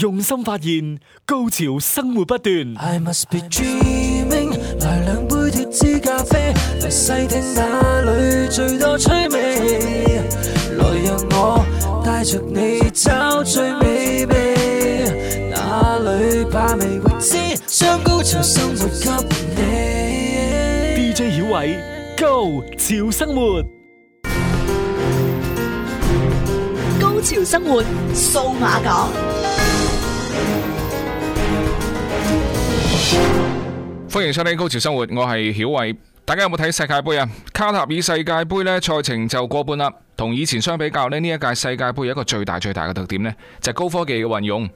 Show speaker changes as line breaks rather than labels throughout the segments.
用心發現，高潮生活不斷。來兩杯脫脂咖啡，來細聽哪裏最多趣味。來讓我帶着你找最美味，哪裏把味未知，將高潮生活給你。DJ 曉偉，潮高潮生活，高潮生活，數碼港。歡迎收聽《高潮生活》，我係曉偉。大家有冇睇世界盃啊？卡塔爾世界盃呢，賽程就過半啦。同以前相比較咧，呢一屆世界盃有一個最大最大嘅特點呢，就係高科技嘅運用。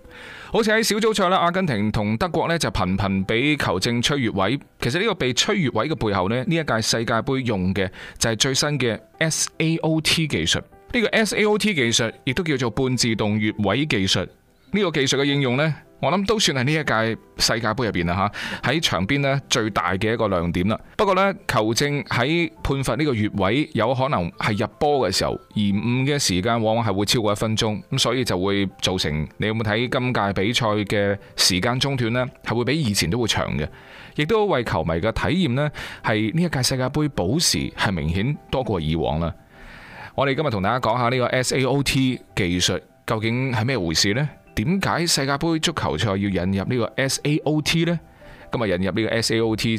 好似喺小組賽啦，阿根廷同德國呢，就頻頻俾球證吹越位。其實呢個被吹越位嘅背後呢，呢一屆世界盃用嘅就係最新嘅 S A O T 技術。呢個 S A O T 技術亦都叫做半自動越位技術。呢個技術嘅應用呢，我諗都算係呢一屆世界盃入邊啦吓，喺、啊、場邊呢最大嘅一個亮點啦。不過呢，球證喺判罰呢個越位有可能係入波嘅時候，延誤嘅時間往往係會超過一分鐘，咁所以就會造成你有冇睇今屆比賽嘅時間中斷呢？係會比以前都會長嘅，亦都為球迷嘅體驗呢，係呢一屆世界盃補時係明顯多過以往啦。我哋今日同大家講下呢個 SAOT 技術究竟係咩回事呢？點解世界盃足球賽要引入呢個 S A O T 呢？咁啊，引入呢個 S A O T A O T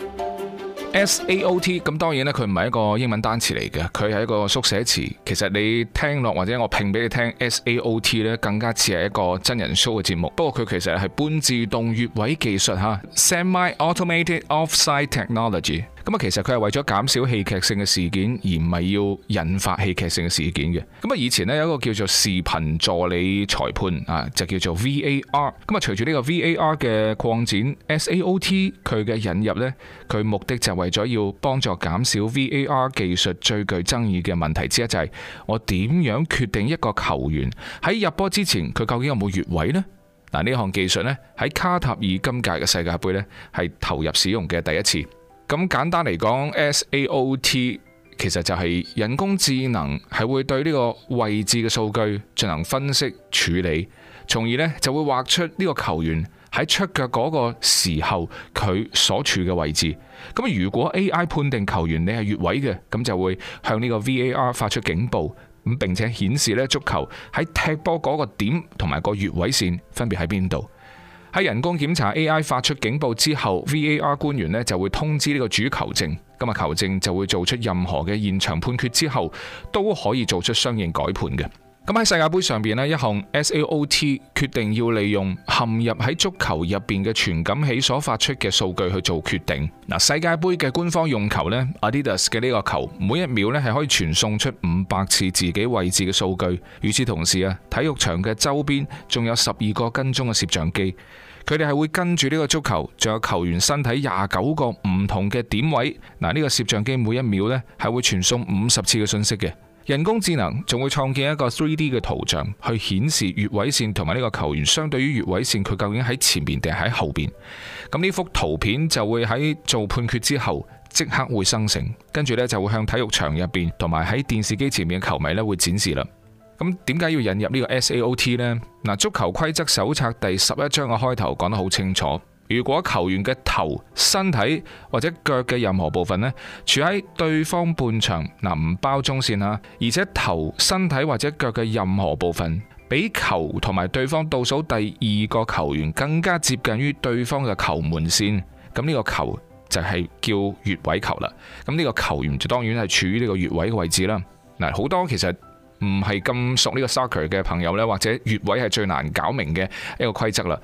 S, S A O T，咁當然咧，佢唔係一個英文單詞嚟嘅，佢係一個縮寫詞。其實你聽落或者我拼俾你聽 S A O T 咧，更加似係一個真人 show 嘅節目。不過佢其實係半自動越位技術嚇，semi automated offside technology。咁啊，其實佢係為咗減少戲劇性嘅事件，而唔係要引發戲劇性嘅事件嘅。咁啊，以前呢，有一個叫做視頻助理裁判啊，就叫做 V A R。咁啊，隨住呢個 V A R 嘅擴展，S A O T 佢嘅引入呢，佢目的就係為咗要幫助減少 V A R 技術最具爭議嘅問題之一，就係、是、我點樣決定一個球員喺入波之前，佢究竟有冇越位呢？嗱，呢項技術呢，喺卡塔爾今屆嘅世界盃呢，係投入使用嘅第一次。咁簡單嚟講，SAOT 其實就係人工智能係會對呢個位置嘅數據進行分析處理，從而呢就會畫出呢個球員喺出腳嗰個時候佢所處嘅位置。咁如果 AI 判定球員你係越位嘅，咁就會向呢個 VAR 發出警報，咁並且顯示呢足球喺踢波嗰個點同埋個越位線分別喺邊度。喺人工檢查 AI 發出警報之後，VAR 官員咧就會通知呢個主球證，今日球證就會做出任何嘅現場判決之後，都可以做出相應改判嘅。咁喺世界盃上邊，呢一項 SAOT 決定要利用陷入喺足球入邊嘅傳感器所發出嘅數據去做決定。嗱，世界盃嘅官方用球呢，Adidas 嘅呢個球，每一秒呢係可以傳送出五百次自己位置嘅數據。與此同時啊，體育場嘅周邊仲有十二個跟蹤嘅攝像機，佢哋係會跟住呢個足球，仲有球員身體廿九個唔同嘅點位。嗱，呢個攝像機每一秒呢係會傳送五十次嘅信息嘅。人工智能仲會創建一個 3D 嘅圖像，去顯示越位線同埋呢個球員相對於越位線，佢究竟喺前邊定係喺後邊。咁呢幅圖片就會喺做判決之後即刻會生成，跟住呢就會向體育場入邊同埋喺電視機前面嘅球迷呢會展示啦。咁點解要引入呢個 SAOT 呢？嗱，足球規則手冊第十一章嘅開頭講得好清楚。如果球員嘅頭、身體或者腳嘅任何部分呢，處喺對方半場，嗱唔、啊、包中線啦、啊，而且頭、身體或者腳嘅任何部分比球同埋對方倒數第二個球員更加接近於對方嘅球門線，咁呢個球就係叫越位球啦。咁呢個球員就當然係處於呢個越位嘅位置啦。嗱、啊，好多其實唔係咁熟呢個 soccer 嘅朋友呢，或者越位係最難搞明嘅一個規則啦。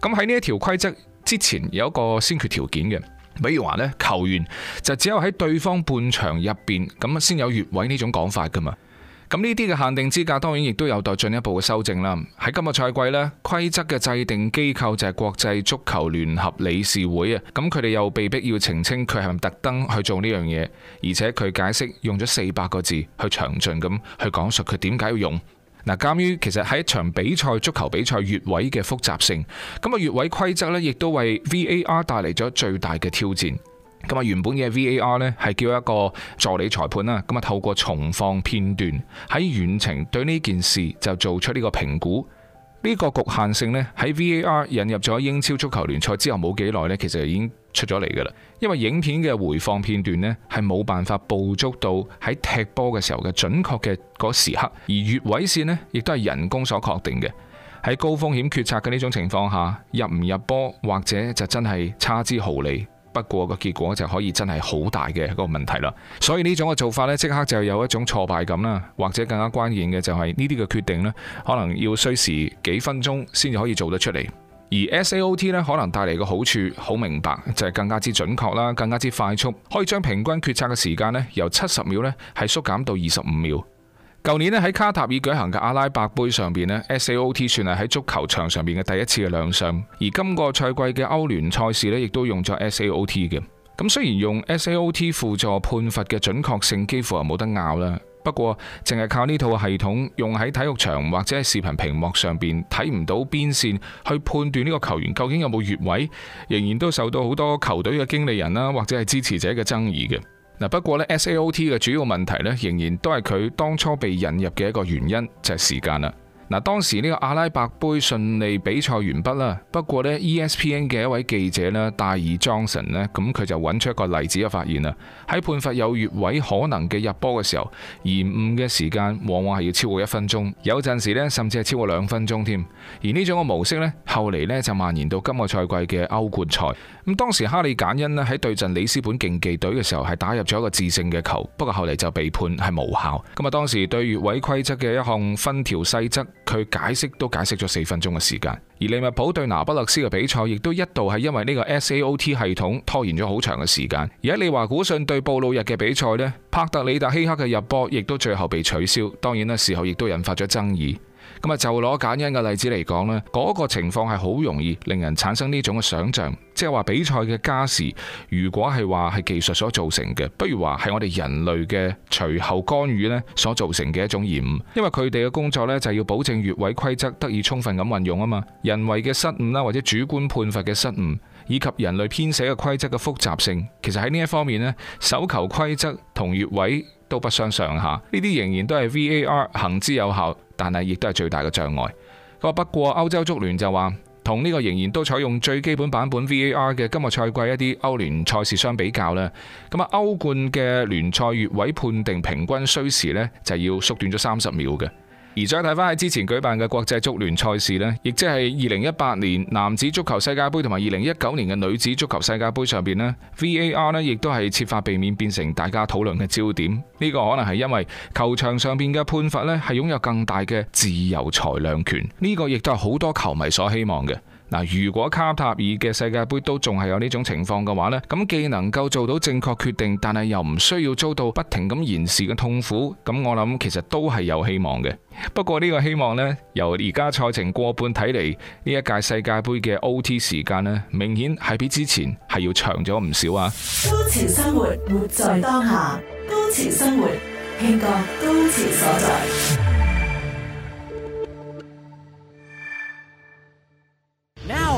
咁喺呢一條規則。之前有一個先決條件嘅，比如話呢，球員就只有喺對方半場入邊咁先有越位呢種講法噶嘛。咁呢啲嘅限定資格當然亦都有待進一步嘅修正啦。喺今個賽季呢，規則嘅制定機構就係國際足球聯合理事會啊。咁佢哋又被逼要澄清佢係咪特登去做呢樣嘢，而且佢解釋用咗四百個字去詳盡咁去講述佢點解要用。嗱，鑑於其實喺一場比賽足球比賽越位嘅複雜性，咁啊越位規則咧，亦都為 VAR 帶嚟咗最大嘅挑戰。咁啊原本嘅 VAR 呢，係叫一個助理裁判啦，咁啊透過重放片段喺遠程對呢件事就做出呢個評估。呢個局限性呢，喺 VAR 引入咗英超足球聯賽之後冇幾耐呢，其實已經。出咗嚟噶啦，因為影片嘅回放片段呢係冇辦法捕捉到喺踢波嘅時候嘅準確嘅嗰時刻，而越位線呢亦都係人工所確定嘅。喺高風險決策嘅呢種情況下，入唔入波或者就真係差之毫厘，不過個結果就可以真係好大嘅嗰個問題啦。所以呢種嘅做法呢，即刻就有一種挫敗感啦，或者更加關鍵嘅就係呢啲嘅決定呢，可能要需時幾分鐘先至可以做得出嚟。S 而 S A O T 咧可能帶嚟嘅好處好明白，就係、是、更加之準確啦，更加之快速，可以將平均決策嘅時間咧由七十秒呢係縮減到二十五秒。舊年咧喺卡塔爾舉行嘅阿拉伯杯上邊呢，S A O T 算係喺足球場上邊嘅第一次嘅亮相。而今個賽季嘅歐聯賽事呢，亦都用咗 S A O T 嘅。咁雖然用 S A O T 輔助判罰嘅準確性幾乎係冇得拗啦。不過淨係靠呢套系統，用喺體育場或者係視頻屏幕上邊睇唔到邊線去判斷呢個球員究竟有冇越位，仍然都受到好多球隊嘅經理人啦或者係支持者嘅爭議嘅。嗱，不過咧 S A O T 嘅主要問題呢，仍然都係佢當初被引入嘅一個原因就係時間啦。嗱，當時呢個阿拉伯杯順利比賽完畢啦。不過呢 ESPN 嘅一位記者呢，戴爾·莊森呢，咁佢就揾出一個例子嘅發現啦。喺判罰有越位可能嘅入波嘅時候，延誤嘅時間往往係要超過一分鐘，有陣時呢，甚至係超過兩分鐘添。而呢種嘅模式呢，後嚟呢，就蔓延到今個賽季嘅歐冠賽。咁當時哈利簡恩咧喺對陣里斯本競技隊嘅時候，係打入咗一個致勝嘅球，不過後嚟就被判係無效。咁啊，當時對越位規則嘅一項分條細則，佢解釋都解釋咗四分鐘嘅時間。而利物浦對拿不勒斯嘅比賽，亦都一度係因為呢個 S A O T 系統拖延咗好長嘅時間。而喺利華古遜對布魯日嘅比賽呢，帕特里達希克嘅入波亦都最後被取消，當然呢事後亦都引發咗爭議。咁啊，就攞簡因嘅例子嚟講，呢嗰個情況係好容易令人產生呢種嘅想象，即係話比賽嘅加時如果係話係技術所造成嘅，不如話係我哋人類嘅隨後干預呢所造成嘅一種延誤。因為佢哋嘅工作呢，就係要保證越位規則得以充分咁運用啊嘛，人為嘅失誤啦，或者主觀判罰嘅失誤，以及人類編寫嘅規則嘅複雜性，其實喺呢一方面呢，手球規則同越位都不相上下。呢啲仍然都係 V A R 行之有效。但係亦都係最大嘅障礙。不過歐洲足聯就話，同呢個仍然都採用最基本版本 VAR 嘅今個賽季一啲歐聯賽事相比較呢，咁啊，歐冠嘅聯賽越位判定平均需時呢，就要縮短咗三十秒嘅。而再睇翻喺之前舉辦嘅國際足聯賽事呢，亦即係二零一八年男子足球世界杯同埋二零一九年嘅女子足球世界杯上邊呢 VAR 呢，亦都係設法避免變成大家討論嘅焦點。呢個可能係因為球場上邊嘅判罰呢，係擁有更大嘅自由裁量權。呢個亦都係好多球迷所希望嘅。嗱，如果卡塔爾嘅世界杯都仲係有呢種情況嘅話呢，咁既能夠做到正確決定，但係又唔需要遭到不停咁延時嘅痛苦，咁我諗其實都係有希望嘅。不過呢個希望呢，由而家賽程過半睇嚟，呢一屆世界杯嘅 OT 時間呢，明顯係比之前係要長咗唔少啊！高潮生活，活在當下；高潮生活，慶個高潮所在。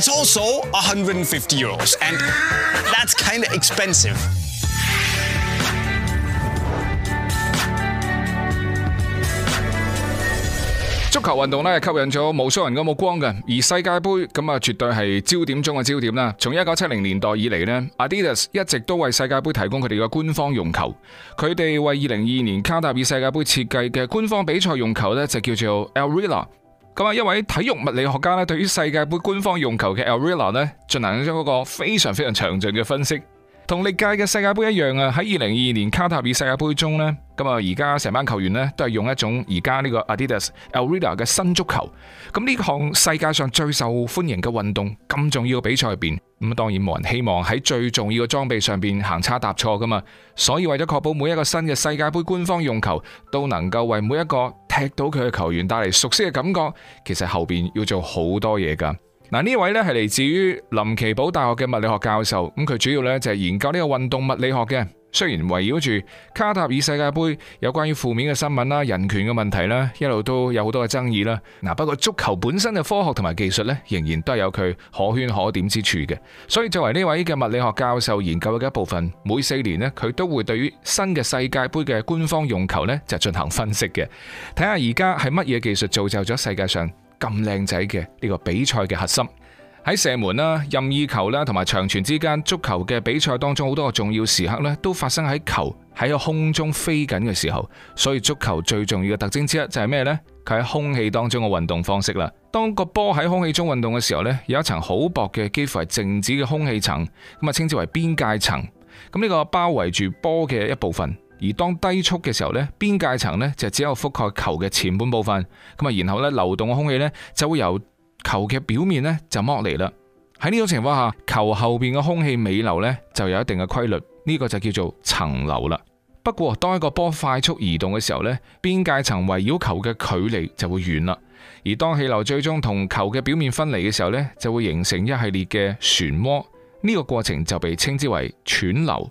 It's also 150 euros, and that's kind of expensive. 足球運動呢吸引咗無數人嘅目光嘅，而世界盃咁啊絕對係焦點中嘅焦點啦。從一九七零年代以嚟咧，Adidas 一直都為世界盃提供佢哋嘅官方用球，佢哋為二零二二年卡塔爾世界盃設計嘅官方比賽用球咧就叫做 El Riala 咁啊，一位體育物理學家咧，對於世界盃官方用球嘅 Al Rihla 咧，進行咗一個非常非常詳盡嘅分析。同歷屆嘅世界盃一樣啊，喺二零二二年卡塔爾世界盃中咧，咁啊，而家成班球員咧都係用一種而家呢個 Adidas Al Rihla 嘅新足球。咁呢項世界上最受歡迎嘅運動咁重要嘅比賽入邊，咁啊當然冇人希望喺最重要嘅裝備上邊行差踏錯㗎嘛。所以為咗確保每一個新嘅世界盃官方用球都能夠為每一個踢到佢嘅球員帶嚟熟悉嘅感覺，其實後邊要做好多嘢㗎。嗱，呢位咧係嚟自於林奇堡大學嘅物理學教授，咁佢主要咧就係研究呢個運動物理學嘅。雖然圍繞住卡塔爾世界杯有關於負面嘅新聞啦、人權嘅問題啦，一路都有好多嘅爭議啦。嗱，不過足球本身嘅科學同埋技術咧，仍然都係有佢可圈可點之處嘅。所以作為呢位嘅物理學教授研究嘅一部分，每四年呢，佢都會對於新嘅世界杯嘅官方用球咧就進行分析嘅，睇下而家係乜嘢技術造就咗世界上咁靚仔嘅呢個比賽嘅核心。喺射門啦、任意球啦，同埋長傳之間，足球嘅比賽當中好多個重要時刻呢，都發生喺球喺個空中飛緊嘅時候。所以足球最重要嘅特徵之一就係咩呢？佢喺空氣當中嘅運動方式啦。當個波喺空氣中運動嘅時候呢，有一層好薄嘅幾乎係靜止嘅空氣層，咁啊稱之為邊界層。咁呢個包圍住波嘅一部分。而當低速嘅時候呢，邊界層呢就只有覆蓋球嘅前半部分。咁啊，然後呢，流動嘅空氣呢就會由。球嘅表面咧就剝離啦。喺呢種情況下，球後邊嘅空氣尾流咧就有一定嘅規律，呢、這個就叫做層流啦。不過當一個波快速移動嘅時候咧，邊界層圍繞球嘅距離就會遠啦。而當氣流最終同球嘅表面分離嘅時候咧，就會形成一系列嘅漩渦，呢、這個過程就被稱之為湍流。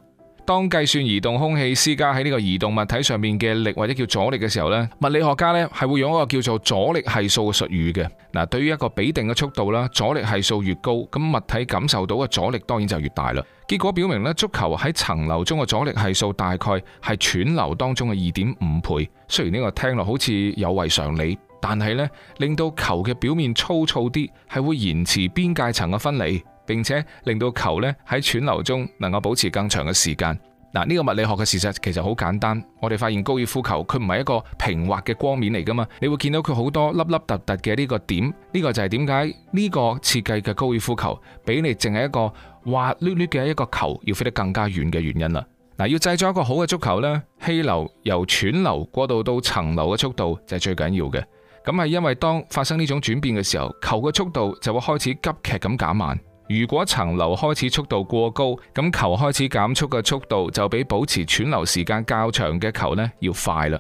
當計算移動空氣施加喺呢個移動物體上面嘅力或者叫阻力嘅時候呢，物理學家呢係會用一個叫做阻力係數嘅術語嘅。嗱，對於一個比定嘅速度啦，阻力係數越高，咁物體感受到嘅阻力當然就越大啦。結果表明呢，足球喺層流中嘅阻力係數大概係湍流當中嘅二點五倍。雖然呢個聽落好似有違常理，但係呢，令到球嘅表面粗糙啲，係會延遲邊界層嘅分離。並且令到球咧，喺喘流中能夠保持更長嘅時間嗱。呢個物理學嘅事實其實好簡單。我哋發現高爾夫球佢唔係一個平滑嘅光面嚟噶嘛，你會見到佢好多粒粒突突嘅呢個點。呢個就係點解呢個設計嘅高爾夫球比你淨係一個滑溜溜嘅一個球要飛得更加遠嘅原因啦。嗱，要製作一個好嘅足球呢，氣流由喘流過渡到層流嘅速度就係最緊要嘅。咁係因為當發生呢種轉變嘅時候，球嘅速度就會開始急劇咁減慢。如果層流開始速度過高，咁球開始減速嘅速度就比保持喘流時間較長嘅球呢要快啦。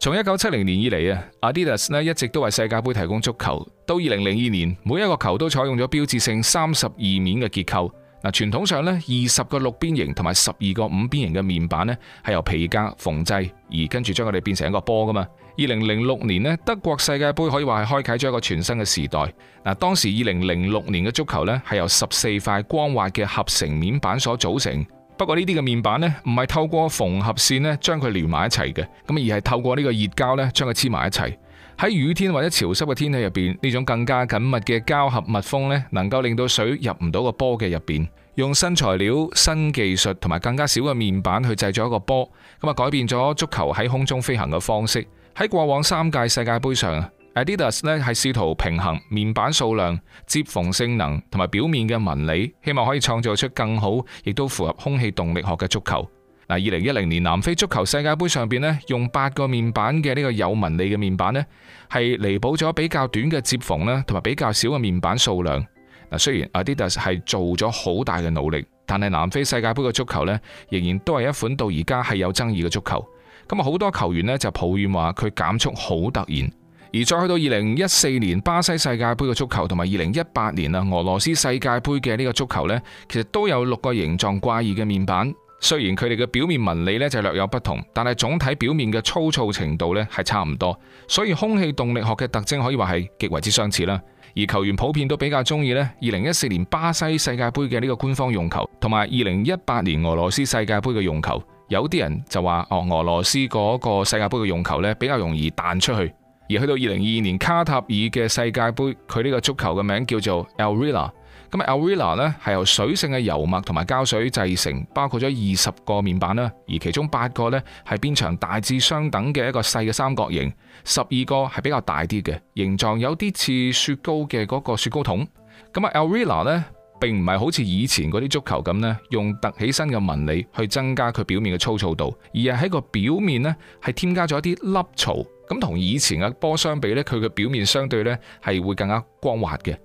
從一九七零年以嚟啊，Adidas 呢一直都為世界杯提供足球。到二零零二年，每一個球都採用咗標誌性三十二面嘅結構。嗱，傳統上呢，二十個六邊形同埋十二個五邊形嘅面板呢係由皮革縫製，而跟住將佢哋變成一個波噶嘛。二零零六年呢，德國世界杯可以話係開啟咗一個全新嘅時代。嗱，當時二零零六年嘅足球呢，係由十四塊光滑嘅合成面板所組成。不過呢啲嘅面板呢，唔係透過縫合線呢將佢連埋一齊嘅，咁而係透過呢個熱膠呢將佢黐埋一齊。喺雨天或者潮濕嘅天氣入邊，呢種更加緊密嘅膠合密封呢，能夠令到水入唔到個波嘅入邊。用新材料、新技術同埋更加少嘅面板去製作一個波，咁啊改變咗足球喺空中飛行嘅方式。喺過往三屆世界杯上，Adidas 咧係試圖平衡面板數量、接縫性能同埋表面嘅紋理，希望可以創造出更好，亦都符合空氣動力學嘅足球。嗱，二零一零年南非足球世界杯上邊咧，用八個面板嘅呢個有紋理嘅面板咧，係彌補咗比較短嘅接縫咧，同埋比較少嘅面板數量。嗱，雖然 Adidas 係做咗好大嘅努力，但係南非世界杯嘅足球呢，仍然都係一款到而家係有爭議嘅足球。咁啊，好多球員呢，就抱怨話佢減速好突然，而再去到二零一四年巴西世界盃嘅足球同埋二零一八年啊俄羅斯世界盃嘅呢個足球呢，其實都有六個形狀怪異嘅面板。雖然佢哋嘅表面紋理呢就略有不同，但係總體表面嘅粗糙程度呢係差唔多，所以空氣動力學嘅特徵可以話係極為之相似啦。而球員普遍都比較鍾意呢二零一四年巴西世界盃嘅呢個官方用球同埋二零一八年俄羅斯世界盃嘅用球。有啲人就話：哦，俄羅斯嗰個世界盃嘅用球呢，比較容易彈出去。而去到二零二二年卡塔爾嘅世界盃，佢呢個足球嘅名叫做 Al Rihla。咁啊，Al Rihla 呢，係由水性嘅油墨同埋膠水製成，包括咗二十個面板啦，而其中八個呢係邊長大致相等嘅一個細嘅三角形，十二個係比較大啲嘅，形狀有啲似雪糕嘅嗰個雪糕筒。咁啊，Al Rihla 呢。並唔係好似以前嗰啲足球咁，呢用凸起身嘅紋理去增加佢表面嘅粗糙度，而係喺個表面呢係添加咗一啲凹槽。咁同以前嘅波相比呢，佢嘅表面相對呢係會更加光滑嘅。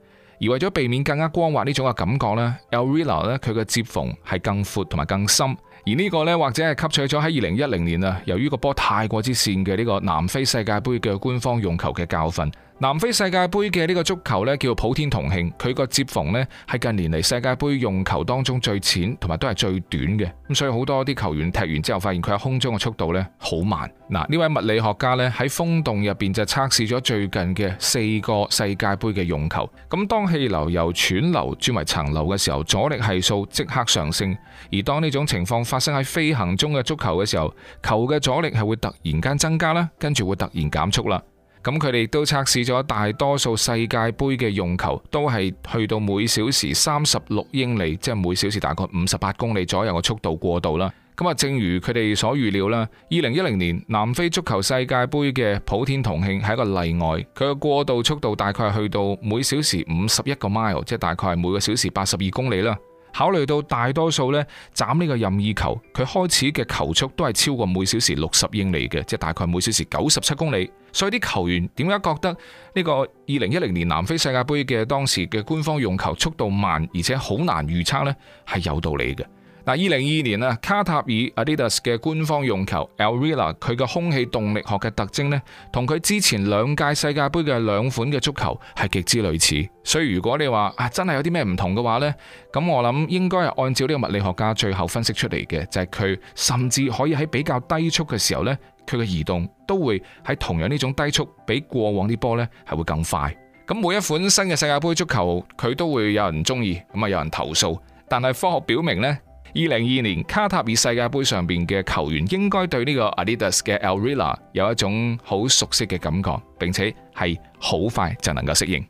而為咗避免更加光滑呢種嘅感覺呢，Al Rihla 呢，佢嘅接縫係更闊同埋更深。而呢個呢，或者係吸取咗喺二零一零年啊，由於個波太過之滑嘅呢個南非世界盃嘅官方用球嘅教訓。南非世界盃嘅呢個足球呢，叫普天同慶。佢個接縫呢，係近年嚟世界盃用球當中最淺，同埋都係最短嘅。咁所以好多啲球員踢完之後，發現佢喺空中嘅速度呢好慢。嗱、啊，呢位物理學家呢，喺風洞入邊就測試咗最近嘅四個世界盃嘅用球。咁當氣流由湍流轉為層流嘅時候，阻力係數即刻上升。而當呢種情況發生喺飛行中嘅足球嘅時候，球嘅阻力係會突然間增加啦，跟住會突然減速啦。咁佢哋都測試咗大多數世界盃嘅用球，都係去到每小時三十六英里，即係每小時大概五十八公里左右嘅速度過渡啦。咁啊，正如佢哋所預料啦，二零一零年南非足球世界盃嘅普天同慶係一個例外，佢嘅過渡速度大概係去到每小時五十一個 mile，即係大概係每個小時八十二公里啦。考慮到大多數咧斬呢個任意球，佢開始嘅球速都係超過每小時六十英里嘅，即係大概每小時九十七公里。所以啲球員點解覺得呢個二零一零年南非世界杯嘅當時嘅官方用球速度慢，而且好難預測呢？係有道理嘅。嗱，二零二二年啊，卡塔爾 Adidas 嘅官方用球 Al Rihla，佢嘅空氣動力學嘅特徵咧，同佢之前兩屆世界杯嘅兩款嘅足球係極之類似。所以如果你啊話啊真係有啲咩唔同嘅話呢，咁我諗應該係按照呢個物理學家最後分析出嚟嘅，就係佢甚至可以喺比較低速嘅時候呢，佢嘅移動都會喺同樣呢種低速比過往啲波呢係會更快。咁每一款新嘅世界杯足球佢都會有人中意，咁啊有人投訴，但係科學表明呢。二零二二年卡塔爾世界杯上邊嘅球員應該對呢個 Adidas 嘅 Al Rihla 有一種好熟悉嘅感覺，並且係好快就能夠適應。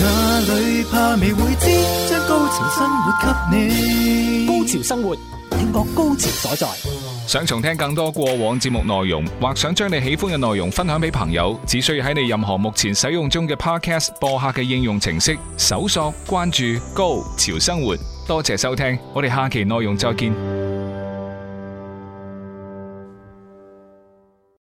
哪裏怕未會知？將高潮生活給你。高潮生活，聽我高潮所在。想重聽更多過往節目內容，或想將你喜歡嘅內容分享俾朋友，只需要喺你任何目前使用中嘅 Podcast 播客嘅應用程式搜索關注“高潮生活”。多謝收聽，我哋下期內容再見。